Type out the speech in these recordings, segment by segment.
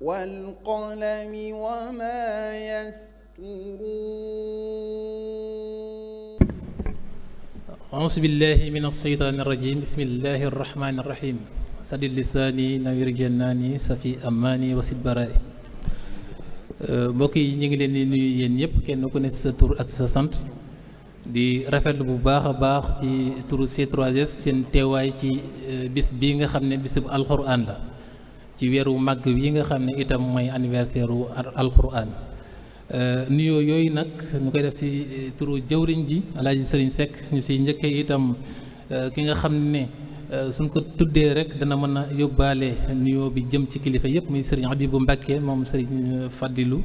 waa وما يسطرون أعوذ بالله من الشيطان الرجيم بسم الله الرحمن الرحيم سد لساني نوير جناني صفي yi ñu ngi leen di nuyu yéen ñëpp kenn ku ne ci sa tur ak sa sant di rafetlu bu baax a baax ci turu c 3 seen teewaay ci e, bis bii nga xam ne bisub alxuraan la ci weeru màgg yi nga xam ne itam mooy anniversaire wu alquran euh, nuyoo yooyu nag ñu koy def si euh, turu jëwriñ ji alaaji sëriñ Seck ñu si njëkkee itam euh, ki nga xam ne suñ ko tuddee rek dana mën a yóbbaale nuyoo bi jëm ci kilifa yëpp muy sëriñ bu mbakkee moom sëriñ Fadilu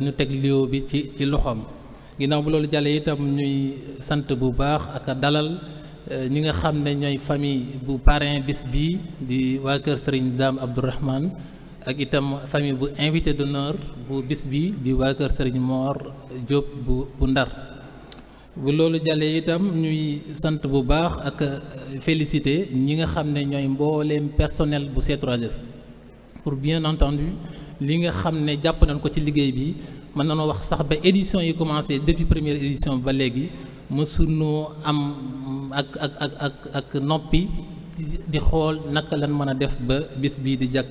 ñu teg nuyoo bi ci ci loxoom ginnaaw bu loolu jàllee itam ñuy sant bu baax ak dalal Euh, ñi nga xam ne ñooy famille bu parrain bis bii di waa kër Serigne Dame Abdourahmane ak itam famille bu invité d'honneur bu bis bi di waa kër Serigne Mor Diop bu bu Ndar bu loolu jàllee itam ñuy sant bu baax ak euh, félicité ñi nga xam ne ñooy mbooleem personnel bu C3S pour bien entendu li nga xam ne jàpp nañ ko ci liggéey bi mën nañoo wax sax ba édition yi commencé depuis première édition ba léegi mësuñu am ak ak ak ak ak noppi di xool naka lan mën a def ba bis bii di jàkk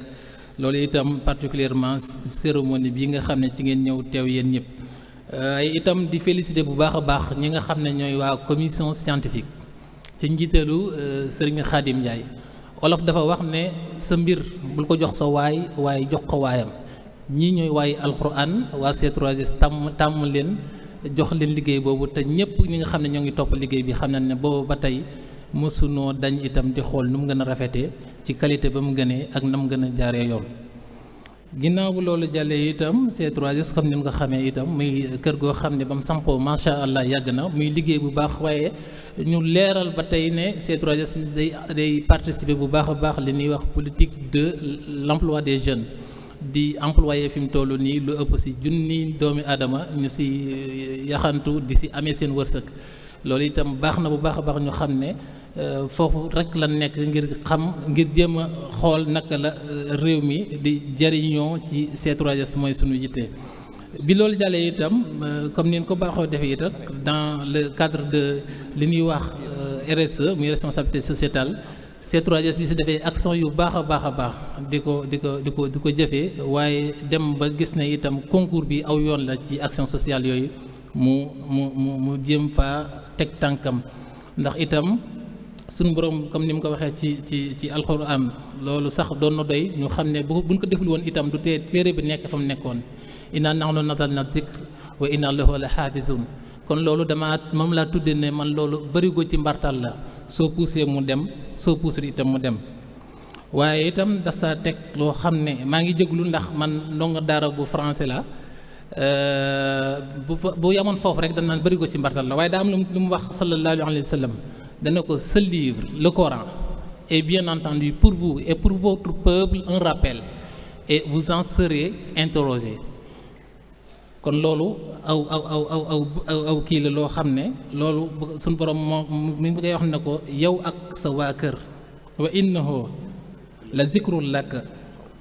loolu itam particulièrement cérémonie bii nga xam ne ci ngeen ñëw teew yéen ñëpp euh, ay itam di félicité bu baax a baax ñi nga xam ne ñooy waa commission scientifique ci njiitalu euh, Serigne Khadim Ndiaye olof dafa wax ne sa mbir bul ko jox sa waay waaye jox waayam ñii ñooy waaye alxuraan waa c 3 tàmm tàmm leen jox leen liggéey boobu te ñëpp ñi nga xam ne ñoo ngi topp liggéey bi xam nañ ne boobu ba tey mësunoo dañ itam di xool nu mu gën a rafetee ci qualité ba mu gënee ak na mu gën a jaaree yoon. ginnaaw bu loolu jàllee itam c comme ni nga xamee itam muy kër goo xam ne ba mu sampoo macha allah yàgg na muy liggéey bu baax waaye ñu leeral ba tey ne c 3 day day participer bu baax a baax li ñuy wax politique de l' emploi des jeunes. di employé fi mu toll nii lu ëpp si junni doomi aadama ñu si eh, yaxantu di si amee seen wërsëg loolu itam baax na bu baax a baax ñu xam ne eh, foofu rek la nekk ngir xam ngir jéem a xool naka la eh, réew mi di jariñoo ci C3S mooy suñu yitte bi loolu jàllee itam comme neen ko baaxoo defee itam dans le cadre de li ñuy wax RSE muy responsabilité sociétale C3S di si defee action yu baax a baax a baax di ko di ko di ko di ko jëfee waaye dem ba gis ne itam concours bi aw yoon la ci action sociale yooyu mu mu mu jëm fa teg tànkam ndax itam suñu borom comme ni mu ko waxee ci ci ci alxuraan loolu sax doon na doy ñu xam ne bu buñ ko deful woon itam du tee téere bi nekk fa mu nekkoon inaa nahnu nazzalna zikra wa inaa lahu la xaafizuun kon loolu dama moom laa tudde ne man loolu bërigo ci mbartal la soo poussé mu dem soo poussé itam mu dem waaye itam daf saa teg loo xam ne maa ngi jéglu ndax man ndongo daara bu français la bu fa bu yamoon foofu rek danaan bëri ko ci mbartal la waaye daa am lu mu wax sallallahu alayhi wa sallam dana ko ce livre le Coran est bien entendu pour vous et pour votre peuple un rappel et vous en serez interrogé kon loolu aw aw aw aw aw kii la loo xam ne loolu suñ boroom moo mi ngi koy wax ne ko yow ak sa waa kër wa innahu la zikrun laka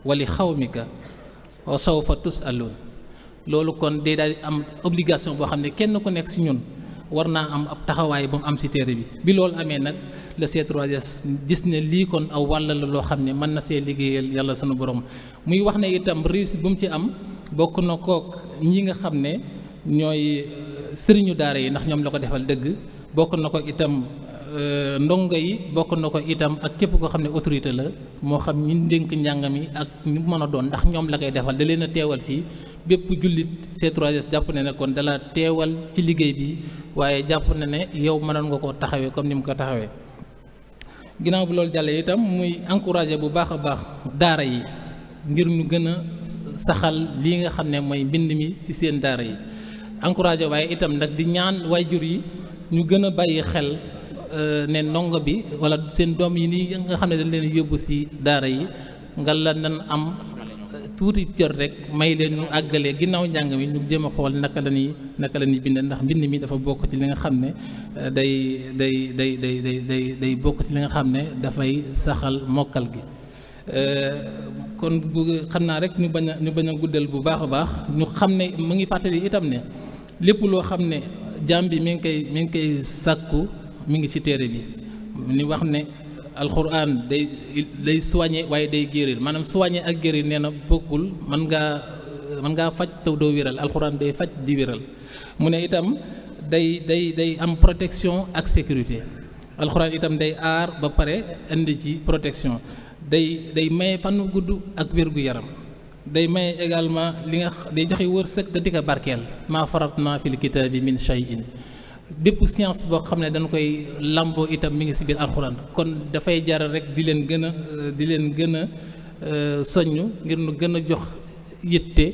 wa li xawmika wa sawfa tusalun loolu kon day daal di am obligation boo xam ne kenn ku nekk si ñun war naa am ab taxawaay bu mu am si téere bi bi loolu amee nag la c 3 gis ne lii kon aw wàll la loo xam ne mën na see liggéeyal yàlla sunu borom muy wax ne itam réussite bu mu ci am bokk na kook ñi nga xam ne ñooy euh, sëriñu daara yi ndax ñoom la ko defal dëgg bokk na ko itam euh, ndongo yi bokk na ko itam ak képp koo xam ne autorité la moo xam ñi ndénk njàng mi ak ñu mën a doon ndax ñoom la koy defal da leen a teewal fii bépp jullit C3S jàpp na ne kon dala teewal ci liggéey bi waaye jàpp na ne yow mënoon nga ko taxawee comme ni mu ko taxawee ginnaaw bi loolu jàllee itam muy encouragé bu baax a baax daara yi ngir ñu gën saxal lii nga xam ne mooy mbind mi ci seen daara yi encouragé waaye itam nag di ñaan way jur yi ñu gën a bàyyi xel euh, ne ndongo bi wala seen doom yi nii nga xam ne dañ leen yóbbu ci daara yi nga la nan am euh, tuuti jot rek may leen ñu ginnaaw njàng mi ñu jéem a xool naka la naka la ñuy bind ndax mbind mi dafa bokk ci li nga xam ne euh, day day day day day day bokk ci li nga xam ne dafay saxal mokkal gi kon xam naa rek ñu bañ a ñu bañ guddal bu baax a baax ñu xam ne mu ngi fàttali itam ne lépp loo xam ne jaam bi mi ngi koy mi ngi koy sàkku mu ngi ci téere bi ni wax ne alxuraan day day soigné waaye day guérir maanaam soigné ak guérir nee na bokkul man ngaa mën ngaa faj taw doo wéral alxuraan day faj di wéral mu ne itam day day day am protection ak sécurité alxuraan itam day aar ba pare indi ci protection day day maye fan gudd ak wér-gu-yaram day maye également li nga day joxe wërsëg te di ko barkeel maa fi naa fil kitaabi min shay'in bépp science boo xam ne dañ koy làmboo itam mi ngi si biir alxuraan kon dafay jaral rek di leen gën a di leen gën a euh, soññ ngir nu gën a jox yitte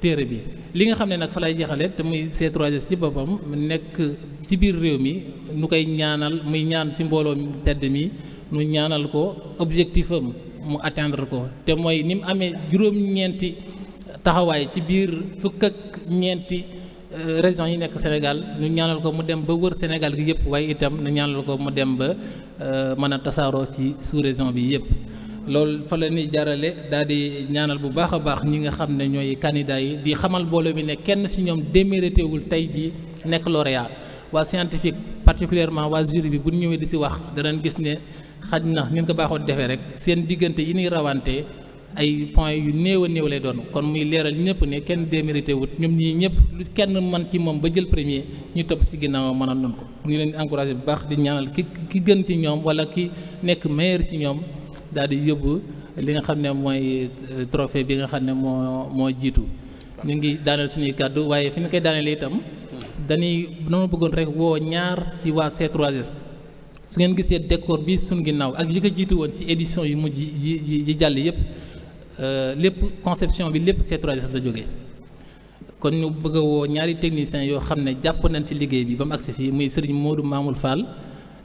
téere bi li nga xam ne nag fa lay jeexale te muy c 3 ci boppam nekk ci biir réew mi nu koy ñaanal muy ñaan ci mbooloo tedd mi nu ñaanal ko objectif am mu atteindre ko te mooy ni mu amee juróom-ñeenti taxawaay ci biir fukk ak ñeenti euh, régions yi nekk Sénégal ñu ñaanal ko mu dem ba wër Sénégal gi yëpp waaye itam ñu ñaanal ko mu dem ba euh, mën a tasaaroo ci sous raison bi yëpp. loolu fa la ñuy jarale daal di ñaanal bu baax a baax ñi nga xam ne ñooy candidats yi di xamal boole bi ne kenn si ñoom déméritéwul tey ji nekk lauréat waa scientifique. particulièrement waa jury bi bu ñëwee di si wax danañ gis ne xaj na ni ñu ko baaxoon defee rek seen diggante yi ñuy rawante ay points yu néew a néew lay doon kon muy leeral ñëpp ne kenn démérité wut ñoom ñii ñëpp lu kenn man ci moom ba jël premier ñu topp si ginnaaw mënoon nañ ko. ñu leen encouragé bu baax di ñaanal ki ki gën ci ñoom wala ki nekk meilleur ci ñoom daal di yóbbu li nga xam ne mooy euh, trophée bi nga xam ne moo moo jiitu ñu daaneel suñuy kàddu waaye fi ñu koy itam. na ma bëggoon rek woo ñaar si waa c 3 su ngeen gisee décor bi suñ ginnaaw ak li ko jiitu woon si édition yu mujj yi yi jàll yëpp euh, lépp conception bi lépp c 3 la jógee kon ñu bëgg woo ñaari techniciens yoo xam ne jàpp nañ ci liggéey bi ba mu agsi fii muy seriñ Modou Mamoul Fall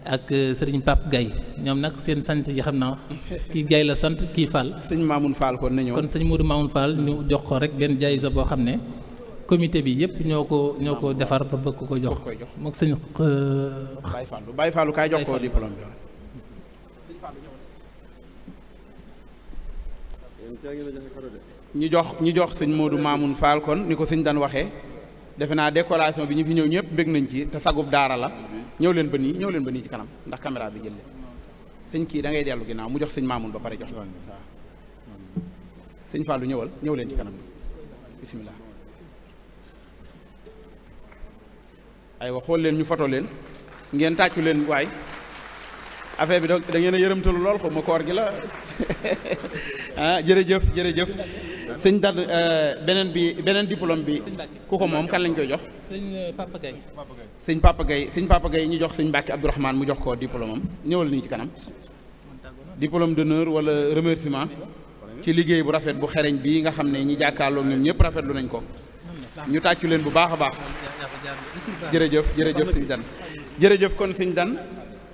ak euh, sëriñ Pape gay ñoom nag seen sant yi xam naa kii Gaye la sant kii Fall. sëñ Mamoul Fall kon nañu kon sëñ Modou Mamoul Fall ñu jox ko rek benn jaay sa boo xam ne. comité bi yépp ñoo ko ñoo ko defar ba bëgg ko jox mook sëñ euh, Baye Fallou Baye fàllu kaay jox ko diplôme bi ñu jox ñu jox sëñ Modou Mamoun Fall kon ni ko sëñ daan waxee defe naa décoration bi ñu fi ñëw ñëpp bég nañ ci te sagub daara la ñëw leen ba nii ñëw leen ba nii ci kanam ndax caméra bi jël leen sëñ kii dangay ngay dellu ginnaaw mu jox sëñ Mamoun ba pare jox waaw sëñ Fallou ñëwal ñëw leen ci kanam bisimilah. aywa xool leen ñu foto leen ngeen tàccu leen waay affaire bi da ngeen a yërëmtalu lool xaw ma koor gi la ah jërëjëf jërëjëf sëñ Dad euh, beneen bi beneen diplôme bi ku ko moom kan lañ koy jox. sëñ euh, Papa Gueye. sëñ Papa Gueye sëñ Papa Gueye ñu jox sëñ Mbacke Abdourahmane mu jox ko diplôme am ñëwal nii ci kanam diplôme d'honneur wala remerciement ci liggéey bu rafet bu xereñ bii nga xam ne ñi jàkkaarloo ñun ñëpp rafetlu nañ ko ñu tàccu leen bu baax a baax. jërëjëf jërëjëf sëñ dan jërëjëf kon sëñ dan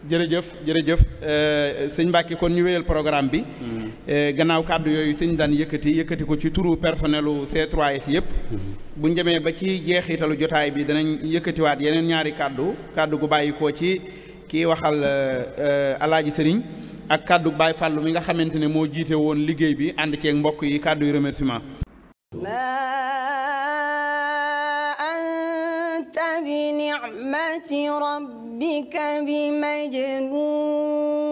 jërëjëf jërëjëf euh, sëñ Mbacke kon ñu wéyal programme bi mm-hmm. euh, gannaaw kàddu yooyu sëñ daan yëkkati yëkkati ko ci turu personnel u yëpp mm-hmm. bu ñu demee ba ci jeexitalu jotaay bi danañ yëkkatiwaat yeneen ñaari kàddu kàddu gu bàyyi ko ci kii waxal euh, alaaji sëriñ ak kàddu Baye Fallou mi nga xamante ne moo jiite woon liggéey bi ànd ceeg mbokk yi kàddu yu remerciement رحمة ربك بمجنون